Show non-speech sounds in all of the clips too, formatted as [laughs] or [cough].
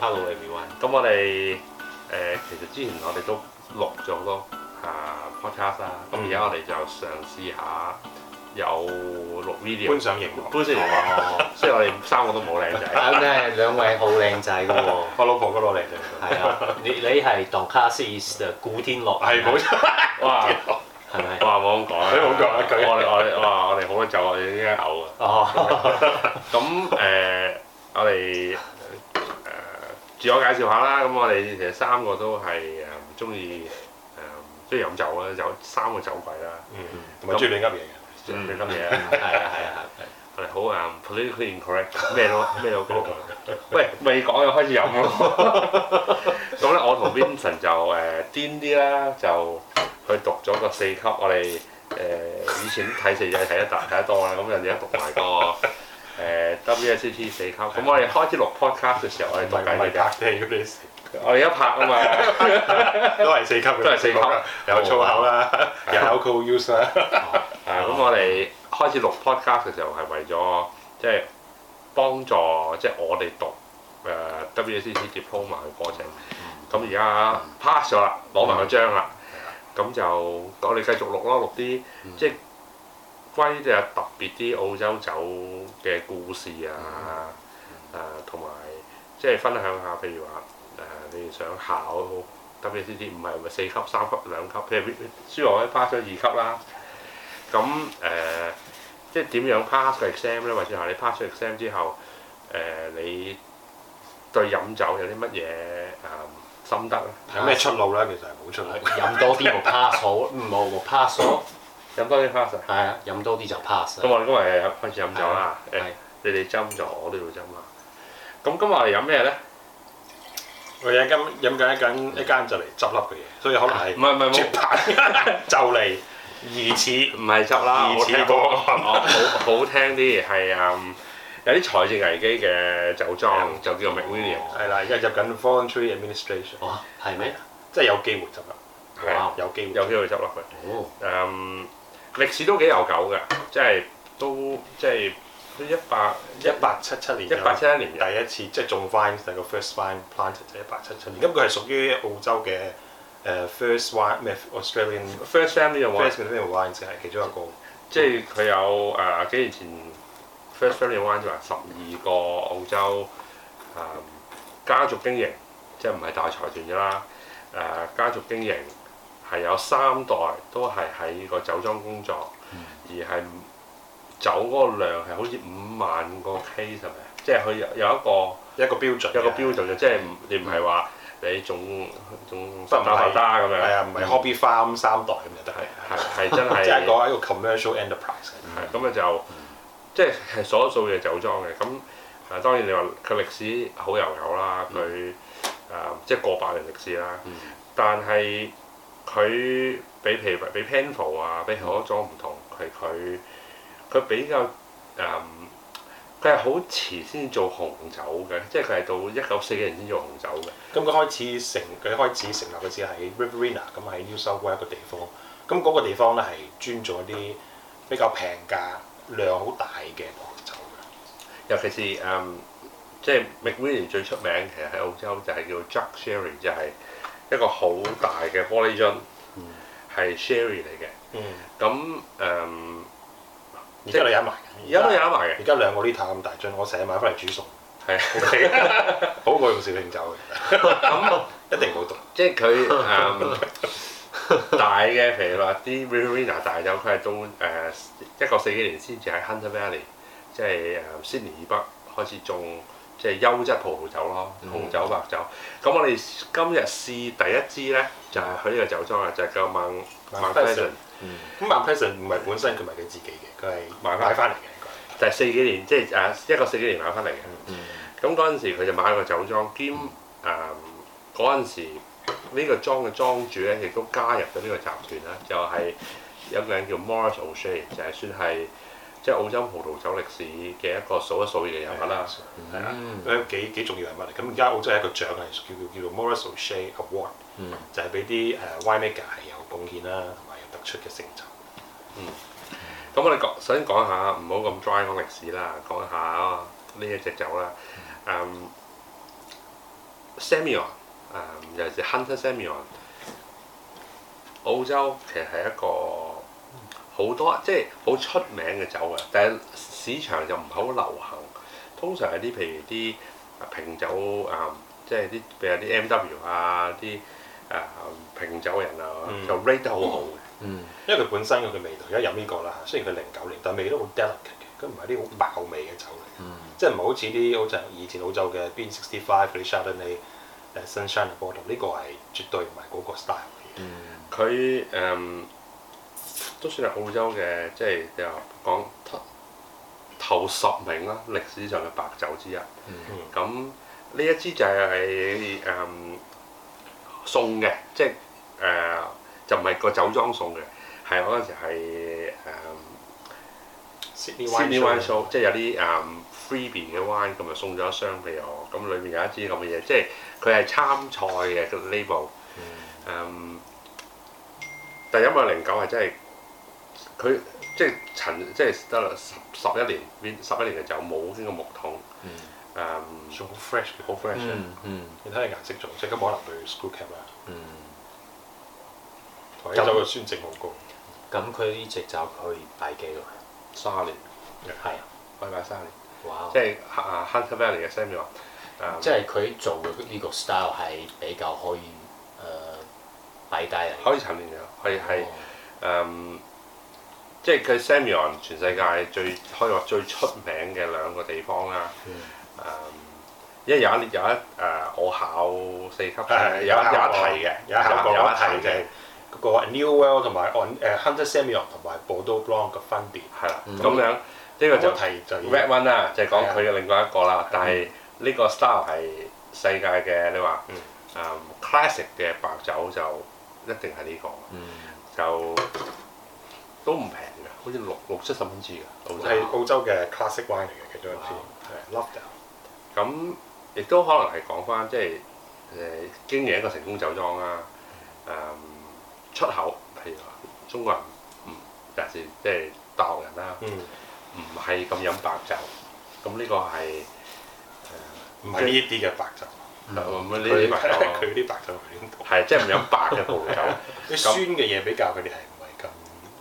Hello everyone 咁我哋誒其實之前我哋都錄咗好多啊 podcast 啦，咁而家我哋就嘗試下有錄 video，搬上螢幕喎，搬上螢幕喎，雖然我哋三個都冇靚仔，咁誒兩位好靚仔嘅喎，我老婆嗰度靚仔，係啊，你你係 Doctor Who 古天樂係冇錯，哇，係咪？我話冇咁講，我哋，我我話我哋好緊就我哋依家嘔啊，哦，咁誒我哋。自我介紹下啦，咁我哋其實三個都係誒唔中意誒，中意飲酒啦，有三個酒鬼啦，同埋最兩粒嘢，最兩粒嘢，係啊係啊係啊，我哋好硬、um，politically incorrect，咩都咩都講， [laughs] 喂未講又開始飲咯，咁咧 [laughs] [laughs] 我同 Vincent 就誒癲啲啦，就去讀咗個四級，我哋誒、呃、以前睇四仔睇得大睇得多啦，咁人哋一讀埋個。 [laughs] 誒 WSET 四級，咁我哋開始錄 podcast 嘅時候，我哋讀緊你哋。唔係拍嘅咩我哋一拍啊嘛，都係四級，都係四級，有粗口啦，有粗 user 啦。咁我哋開始錄 podcast 嘅時候，係為咗即係幫助，即係我哋讀誒 WSET diploma 嘅過程。咁而家 pass 咗啦，攞埋個章啦。咁就我哋繼續錄啦，錄啲即係。關於有特別啲澳洲酒嘅故事啊，同埋、嗯啊、即係分享下，譬如話誒、呃，你想考 WSET 唔係咪四級、三級、兩級？譬如書我咧 pass 咗二級啦。咁、啊、誒、呃，即係點樣 pass 個 exam 咧？或者話你 pass 咗 exam 之後，誒、呃、你對飲酒有啲乜嘢誒心得咧？有咩出路咧？其實係冇出路。飲 [laughs] 多啲冇 pass 到，冇冇 pass 飲多啲 pass 啊！係啊，飲多啲就 pass 咁我哋今日誒開始飲酒啦誒，你哋斟咗，我都要斟啊！咁今日飲咩咧？我而家飲飲緊一間就嚟執笠嘅嘢，所以可能係唔係唔係絕版就嚟疑似唔係執笠。疑似好好聽啲係啊！有啲財政危機嘅酒莊就叫做 McWilliam 係啦，而家入緊 voluntary Administration 啊，係咩？即係有機會執笠啦，係啊，有機會有機會執落去哦，歷史都幾悠久嘅，即係都即係一八一八七七年，一八七七年第一次即係種 vine 第一個 first vine planted 就一八七七年。咁佢係屬於澳洲嘅誒、uh, first vine 咩 Australian first family 嘅 wines 嘅係 First Vine, 其中一個。嗯、即係佢有誒、呃、幾年前 first family wines 就係十二個澳洲誒、呃、家族經營，即係唔係大財團啦，誒、呃、家族經營。係有三代都係喺個酒莊工作，而係酒嗰個量係好似五萬個 case 係咪？即係佢有有一個一個標準，一個標準就即係唔你唔係話你仲仲得唔得曬啦咁樣？係啊，唔係 hobby farm 三代咁嘅，都係係係真係即係講一個 commercial enterprise。咁啊，就即係所數嘅酒莊嘅咁啊。當然你話佢歷史好悠久啦，佢誒即係過百年歷史啦，但係。佢比譬如比 Penfao 啊，比好多種唔同係佢，佢比較誒，佢係好遲先做紅酒嘅，即係佢係到一九四幾年先做紅酒嘅。咁佢開始成佢開始成立嘅時係 Riverina，咁喺新南威爾斯一個地方。咁、那、嗰個地方咧係專做啲比較平價、量好大嘅紅酒嘅。尤其是誒、嗯，即係 McWilliam 最出名其實喺澳洲就係叫 Jack Sherry，就係、是。一個好大嘅玻璃樽，係 Sherry 嚟嘅。咁誒、嗯，而家你飲埋，而家都飲埋嘅。而家兩個 litre 咁大樽，我成日買翻嚟煮餸。啊好過用小釀酒嘅。咁、嗯、一定冇毒。即係佢、嗯、大嘅，譬如話啲 Riverina 大酒，佢係都誒、呃、一九四幾年 Valley、就是、先至喺 Hunter Valley，即係 Sydney 以北開始種。即係優質葡萄酒咯，紅酒、白酒。咁、嗯、我哋今日試第一支呢，就係佢呢個酒莊啦，就係、是、叫 Mount Mount Pleasant。咁 Mount Pleasant 唔係本身佢唔係佢自己嘅，佢係買翻嚟嘅。就係、嗯、四幾年，即係誒一個四幾年買翻嚟嘅。咁嗰陣時佢就買咗個酒莊兼誒嗰、嗯啊、時呢個莊嘅莊主呢，亦都加入咗呢個集團啦。就係、是、有個人叫 Maurice O'Shea 就係算係。即係澳洲葡萄酒歷史嘅一個數一數二嘅人物啦，係啊，幾幾重要係乜嚟。咁而家澳洲係一個獎，係叫叫叫做、嗯呃、Maurice O'Shea Award，就係俾啲誒 winemaker 係有貢獻啦，同埋有突出嘅成就。咁、嗯、我哋講首先講下，唔好咁 dry 講歷史啦，講下呢一隻酒啦、嗯。Semillon 誒尤其是 Hunter Semillon 澳洲其實係一個，好多即係好出名嘅酒啊，但係市場就唔係好流行。通常係啲譬如啲平酒啊，即係啲譬如啲 M W 啊，啲啊平酒人啊，嗯、就 rate 得、嗯、好好嘅。嗯、因為佢本身嘅佢味道，而家飲呢個啦？雖然佢零九年，但係味道好 delicate 嘅，佢唔係啲好爆味嘅酒嚟。嗯，即係唔係好似啲好似以前澳洲嘅 Bin Sixty Five 嗰啲 Chardonnay Sunshine 嘅波 t 呢個係絕對唔係嗰個 style 嚟嘅。佢誒。都算係澳洲嘅，即係又講頭十名啦，歷史上嘅白酒之一。嗯哼。咁呢一支就係誒送嘅，即係誒、呃、就唔係個酒莊送嘅，係嗰陣時係、呃、Sydney Wine Show 即係有啲誒、嗯、freebie 嘅 wine，咁送咗一箱俾我。咁裏面有一支咁嘅嘢，即係佢係參賽嘅 label。誒、這個嗯嗯，但因為零九係真係。佢即係陳，即係得十十一年，十一年嘅就冇呢個木桶，誒，好 fresh 好 fresh 嗯，你睇下顏色仲即刻可能對 school cap 啊，咁有個宣政好高，咁佢呢隻就去擺幾耐？三、啊、年，係、啊，擺擺三年，哇即係 hunter valley 嘅 Sam 話，即係佢做嘅呢個 style 係比較可以誒擺低人，呃、可以陳年嘅。係係誒。即係佢 Semillon 全世界最開話最出名嘅兩個地方啦。嗯、因為有一有一誒，我考四級、嗯、有有一題嘅，有一個有一題嘅，嗰個 Newell 同埋誒 Hunter Semillon 同埋 Bordeaux Blanc 嘅分別係啦。咁、嗯、樣呢、這個就係最 red one 啦，就係講佢嘅另外一個啦。嗯、但係呢個 style 係世界嘅，你話、嗯嗯、classic 嘅白酒就一定係呢、這個，嗯、就。嗯都唔平㗎，好似六六七十蚊支㗎，係澳洲嘅 classic wine 嚟嘅其中一支，係。咁亦都可能係講翻，即係誒經營一個成功酒莊啦。誒、嗯、出口，譬如話中國人，尤其是即係大陸人啦，唔係咁飲白酒，咁呢個係唔係呢啲嘅白酒？佢佢啲白酒係點？係即係唔飲白嘅葡萄酒，酸嘅嘢比較佢哋係。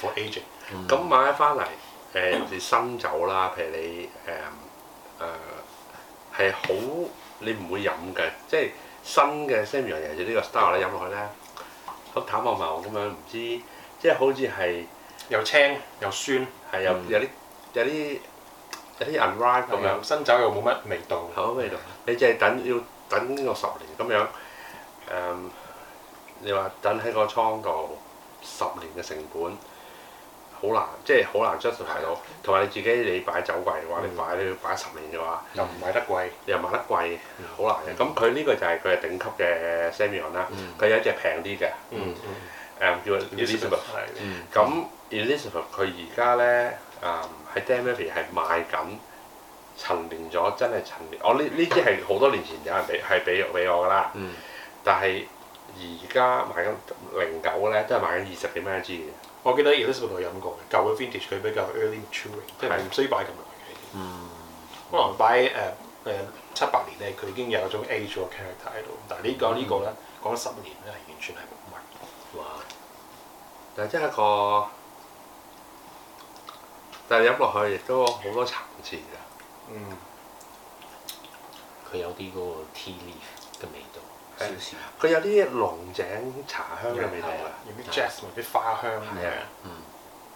好 For aging，咁、mm hmm. 買翻嚟誒，尤、呃、其是新酒啦，譬如你誒誒係好你唔會飲嘅，即係新嘅 Semillon 或者呢個 style 咧飲落去咧，淡淡淡淡好淡好無咁樣，唔知即係好似係又青又酸，係又有啲、mm hmm. 有啲有啲 unripe 咁樣，新酒又冇乜味道，冇、嗯、味道。 [laughs] 你即係等要等呢個十年咁樣誒、嗯？你話等喺個倉度十年嘅成本。好難，即係好難將佢賣到。同埋、嗯、你自己，你擺酒櫃嘅話，你擺，嗯、你擺十年嘅話，又唔賣得貴，又賣得貴，好難嘅。咁佢呢個就係佢係頂級嘅 Semillon 啦。佢、嗯、有一隻平啲嘅，嗯嗯嗯、叫 Elizabeth、嗯。咁 Elizabeth 佢而家呢，啊、嗯、喺 Dan Murphy's 係賣緊，陳年咗真係陳年。我呢呢支係好多年前有人俾，係俾俾我㗎啦。但係而家賣緊零九呢，都係賣緊二十幾蚊一支嘅。我記得 Elizabeth 我飲過嘅舊嘅 Vintage 佢比較 early maturing，即係唔需要擺咁耐嘅。嗯。可能擺誒誒七八年咧，佢已經有一種 age 嘅 character 喺度。但係、呢個、呢個呢、嗯呢個咧，講十年咧係完全係冇問題。哇！但係真係個，但係飲落去亦都好多層次㗎。嗯。佢有啲嗰個 tea leaf 嘅味道。佢有啲龍井茶香嘅味道嘅，的有啲 jasmine 啲花香咁樣，嗯、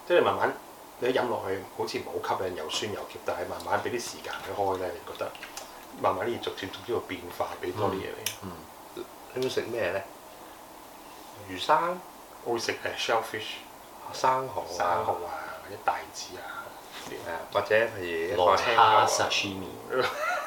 即係慢慢你一飲落去，好似唔好吸引，又酸又甜，但係慢慢俾啲時間佢開咧，你覺得慢慢啲逐漸逐漸個變化，俾多啲嘢你。嗯，咁食咩咧？魚生，會食誒 shellfish，生蠔、啊、生帶子啊，或者係龍蝦或者 s h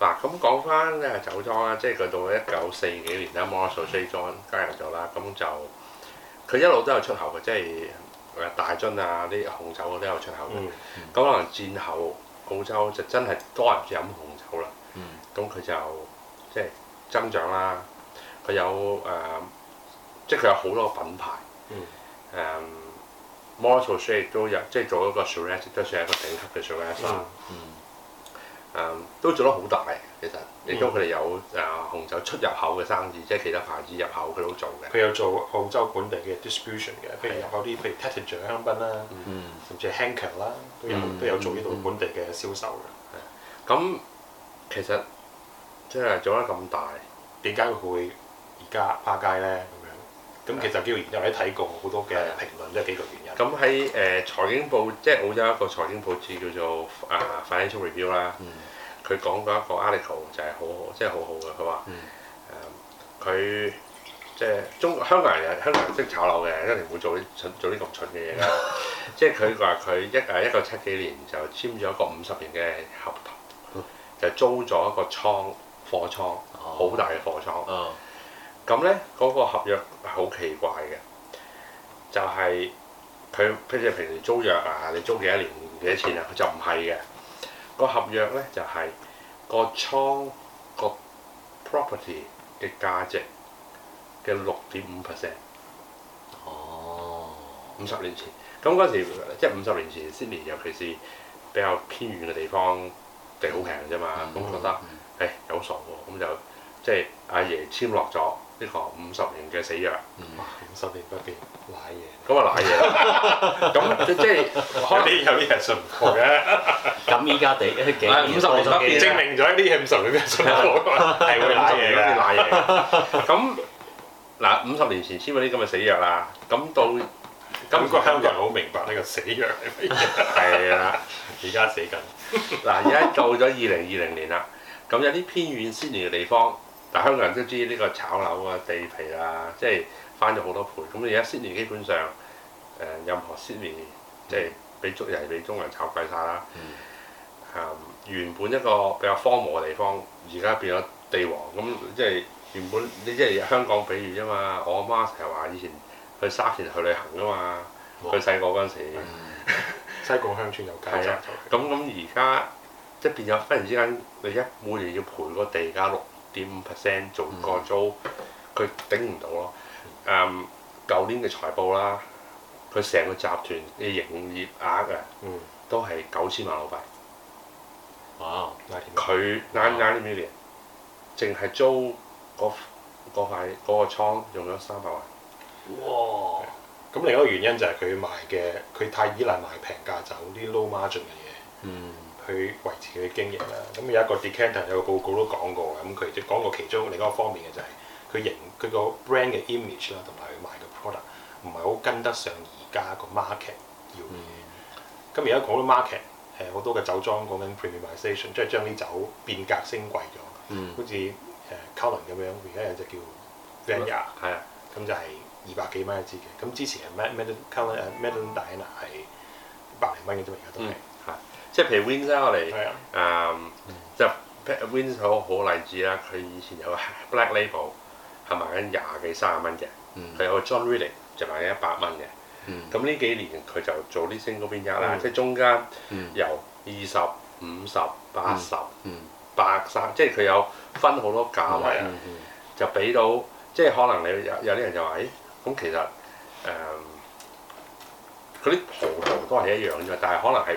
嗱，咁講翻咧酒莊啦，即係佢到一九四幾年啦 Monastre 酒莊加入咗啦，咁 [music] 就佢一路都有出口嘅，即係誒大樽啊，啲紅酒都有出口嘅。咁、嗯嗯、可能戰後澳洲就真係多人住飲紅酒啦，咁佢、嗯、就即係增長啦。佢有誒、呃，即係佢有好多品牌，Monastre 都有，即係做一個 Chateau 都算係一個頂級嘅 Chateau 誒、嗯、都做得好大，其實亦都佢哋有誒紅酒出入口嘅生意，即係其他牌子入口佢都做嘅。佢有做澳洲本地嘅 distribution 嘅，譬如有啲譬如 Taittinger 香檳啦，嗯、甚至 Hanker 啦，都有、嗯、都有做呢度本地嘅銷售嘅。咁其實即係、就是、做得咁大，點解佢會而家趴街呢？咁其實幾個原因我喺睇過好多嘅評論，都係幾個原因。咁喺誒財經報，即係澳洲一個財經報紙叫做、啊、Financial Review、嗯啦。佢講過一個 article 就係、就是、好好、嗯嗯，即係好好嘅。佢話：佢即係中香港人，香港人識炒樓嘅，一定唔會做啲蠢做啲咁蠢嘅嘢啦。即係佢話佢一誒一九七幾年就簽咗一個五十年嘅合同，嗯、就租咗一個倉貨倉，好大嘅貨倉。嗯咁咧嗰個合約好奇怪嘅，就係、是、佢譬如你平時租約啊，你租幾多年幾多錢啊？佢就唔係嘅個合約咧，就係、是、個倉、個 property 嘅價值嘅六點五 percent。哦，五十年前，咁嗰時即係五十年前 Sydney 尤其是比較偏遠嘅地方，地好平啫嘛。咁、嗯、覺得誒、嗯嗯、有傻喎，咁就即係阿爺簽落咗。呢個五十年嘅死藥，五十年不變，賴嘢。咁啊賴嘢，咁即係嗰啲有啲人信唔過嘅。咁依家地，五十年不變證明咗啲係唔信嘅嘅信唔過嘅，係會賴嘢啦，賴嘢。咁嗱，五十年前先嗰啲咁嘅死藥啦，咁到咁個香港人好明白呢個死藥係咩？係啦，而家死緊。嗱，而家到咗二零二零年啦，咁有啲偏遠先年嘅地方。但香港人都知呢，這個炒樓啊，地皮啊，即係翻咗好多倍。咁你而家十年基本上誒，呃，任何十年即係俾中人、係俾中國人炒貴晒啦。啊，呃，原本一個比較荒蕪嘅地方，而家變咗地王。咁即係原本你即係香港，比喻啫嘛。我阿媽成日話以前去沙田去旅行㗎嘛。去細個嗰陣時、嗯，西貢鄉村又街。咁咁而家即係變咗，忽然之間你一每年要賠個地價六點五 percent 做個租，佢頂唔到咯。嗯。誒，舊、um，年嘅財報啦，佢成個集團嘅營業額啊，嗯、都係九千萬澳幣。哇！佢啱啱啲咩嘢？淨係哇租嗰、那、嗰、個、塊嗰個倉用咗三百萬。哇！咁、嗯、另一個原因就係佢賣嘅，佢太依賴賣平價酒啲 low margin 嘅嘢。嗯。去維持佢嘅經營啦，咁有一個 Decanter an, 有個報告都講過，咁佢即係講過其中另一個方面嘅就係佢型佢個 brand 嘅 image 啦，同埋佢賣嘅 product 唔係好跟得上而家個 market 要。咁而家講到 market，誒好多嘅酒莊講緊 premiumisation，即係將啲酒變革升貴咗。好似誒、嗯、Colin 咁樣，而家有隻叫 Vanya，係啊，咁就係二百幾蚊一支嘅。咁之前係 Mad m Colin 誒 Madonna 係百零蚊嘅啫嘛，而家都係。嗯即係譬如 Wynns 我嚟，誒的、嗯、就 Wynns 好好例子啦。佢以前有 Black Label 係賣緊廿幾三十蚊嘅，佢、嗯、有 John Riley 就賣緊一百蚊嘅。咁呢、嗯、幾年佢就做啲 Single Vineyard 嗰邊一啦，即係中間由二十五十八十八十，即係佢有分好多價位，就俾到即係可能你有有啲人就話：，誒、哎、咁其實誒嗰啲葡萄都係一樣嘅，但係可能係。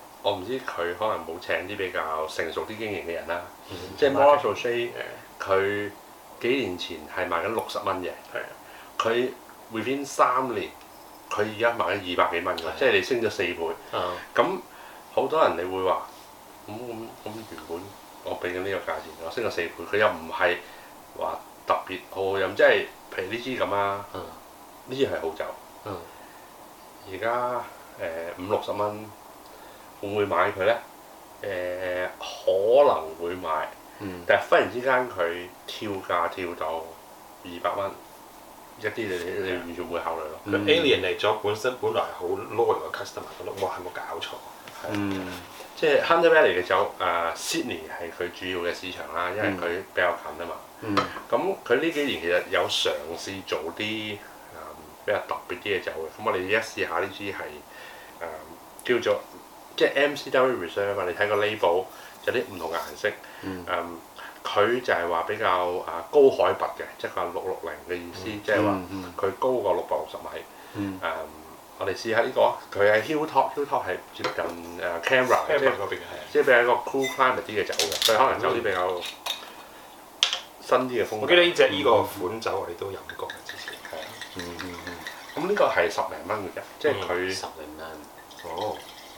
我唔知佢可能冇請啲比較成熟啲經營嘅人啦，嗯、即係 Mossoche，佢幾年前係賣緊六十蚊嘅，佢 within 三年，佢而家賣緊二百幾蚊嘅，嗯、即係你升咗四倍。咁好、嗯、多人你會話，咁咁咁原本我俾緊呢個價錢，我升咗四倍，佢又唔係話特別好好飲，即係譬如呢支咁啊，呢支係好酒，而家誒五六十蚊。會唔會買佢咧？誒，可能會買，但係忽然之間佢跳價跳到二百蚊，一啲你你完全會考慮咯。Alien 嚟咗本身本來係好 low 嘅 customer，咁我係冇搞錯。嗯，即係 Hunter Valley 嘅酒，誒 Sydney 係佢主要嘅市場啦，因為佢比較近啊嘛。嗯。咁佢呢幾年其實有嘗試做啲比較特別啲嘅酒。嘅，咁我哋一試下呢支係誒叫做。即係 MCW Reserve，你睇個 label 有啲唔同顏色，佢就係話比較誒高海拔嘅，即係話六六零嘅意思，即係話佢高過六百六十米，我哋試下呢個，佢係 hill top，hill top 係接近 camera，即嗰邊即係比較一個 cool climate 啲嘅酒嘅，所以可能走啲比較新啲嘅風。我記得呢隻呢個款酒我哋都飲過嘅，之前。嗯咁呢個係十零蚊嘅啫，即係佢十零蚊。哦。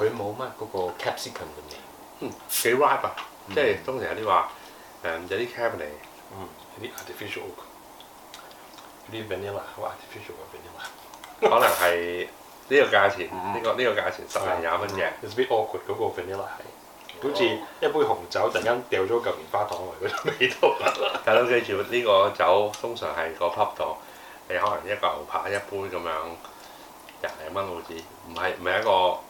佢冇乜嗰個 capsicum 嘅嘢、嗯，嗯幾 ripe 啊，即係通常有啲話誒有啲 cabernet 嗯有啲 artificial oak，有啲 vanilla，好 artificial vanilla，可能係呢個價錢呢、嗯呢個呢、呢個價錢十零廿蚊嘅，有少、嗯嗯、bit awkward 嗰個 vanilla 係是，好似一杯紅酒突然間掉咗嚿棉花糖嚟嗰啲味道。係咯，記住呢個酒通常係個 pub 度，你可能一個牛扒一杯咁樣廿零蚊好似，唔係唔係一個。 [laughs]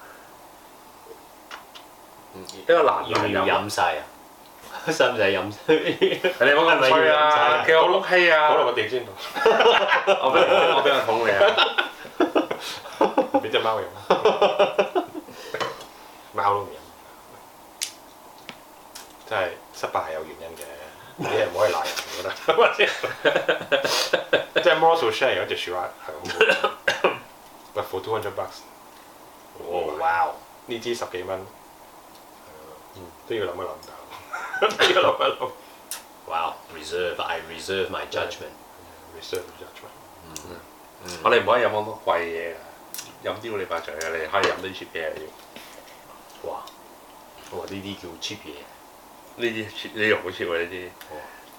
一個男嘅飲曬啊，使唔使飲你講緊咪吹啊，佢有碌氣啊，攞落個地先！我俾我俾人捅㗎，俾隻貓飲啊， [laughs] 貓都唔飲。真係失敗係有原因嘅，你人唔可以鬧人，我覺得。 [laughs] [laughs] [laughs] [laughs] 即係 m o r s [coughs] s l Share 有一隻 Shiraz，係咁，百 four two hundred bucks。哦，Wow！呢支十幾蚊。都要諗一諗，都要諗一諗。 [laughs] Wow, reserve，I reserve my judgment, yeah, reserve judgment 我哋唔可以飲咁多貴嘢啊！飲啲個禮拜除啊，你可以飲啲 cheap 嘢嚟。哇！我話呢啲叫 cheap 嘢，呢啲你用唔用 cheap 喎？呢啲？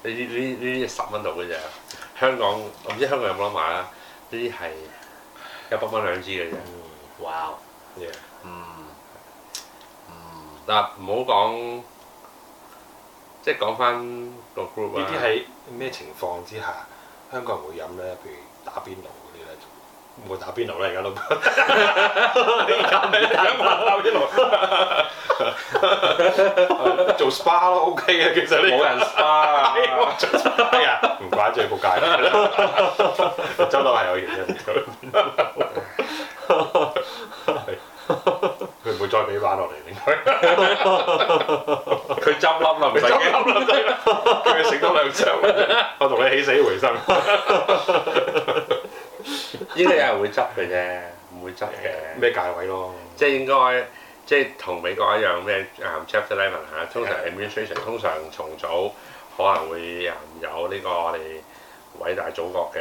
呢啲呢啲十蚊度嘅啫。香港我唔知香港有冇得買啦？呢啲係一百蚊兩支嘅啫。Wow，嗱，唔好講，即係講翻個 group 啊！呢啲喺咩情況之下，香港人會飲咧？譬如打邊爐嗰啲咧，冇打邊爐啦，而家都做 SPA 咯，OK 嘅，其實冇人 SPA 啊，係啊，唔怪住個界，周 [laughs] 到係有原因再俾翻落嚟，應該，佢執笠啦，唔係執佢食多兩箱，我同你起死回生。應該有人會執嘅啫，唔會執嘅。咩價位咯？啊、即係應該，即係同美國一樣，咩 chapter eleven、啊、通常 administration 通常重組，可能會有呢個我哋偉大祖國嘅。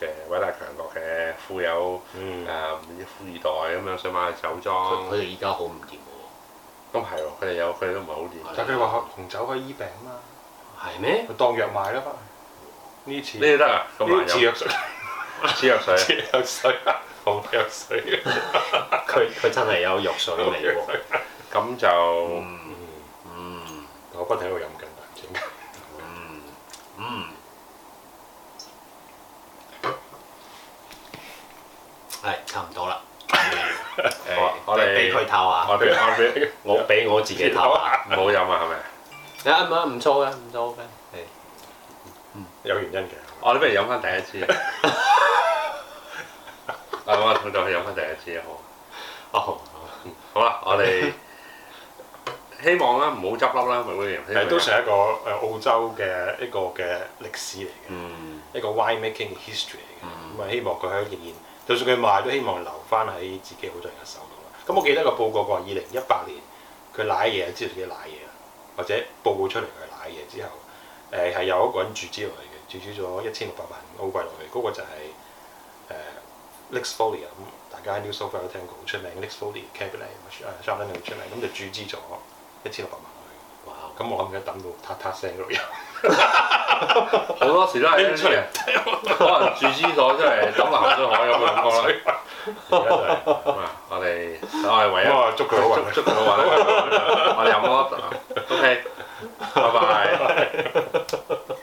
嘅偉大強國嘅富有誒啲、嗯啊、富二代咁樣想買酒莊，佢哋依家好唔掂嘅喎。咁係喎，佢哋有佢都唔係好掂。但佢話紅酒可以醫病啊嘛。係咩？當藥賣咯，翻去呢次。呢得啊，呢治藥水，治藥水，治藥水，紅藥水。佢佢真係有藥水味喎。咁就。我俾我俾我俾我自己飲，唔好飲啊，係咪？啊唔好唔錯嘅，唔錯嘅，係， [music] 有原因嘅。我哋、oh, 不如飲翻第一支啊！ [laughs] oh, 我我再飲翻第一支好啊！好，好啦，我哋希望啦，唔好執笠啦，麥威廉。誒都成一個誒澳洲嘅一個嘅歷史嚟嘅，mm hmm. 一個 wine making history 嚟嘅。咁啊、mm，hmm. 希望佢喺仍然，就算佢賣，都希望留翻喺自，自己好多人嘅手。咁我記得個報告講，二零一八年佢舐嘢，知道佢舐嘢啦，或者報告出嚟佢舐嘢之後，誒係有一個人注資落嚟嘅，注資咗一千六百萬澳幣落去，嗰個就係誒 Lake's Folly 咁，大家喺 New South Wales 都聽過好出名 Lake's Folly Cabernet 啊，攪翻佢出嚟，咁就注資咗一千六百萬落去，哇！咁我唔記得抌到塔塔聲嗰度有好多時都係出嚟，可能注資咗出嚟，抌落鹹水海咁嘅感覺。就是，嗯、我哋我哋唯一祝佢好運，祝佢 [laughs] 好運。 [laughs] 我哋飲咯，OK，拜拜。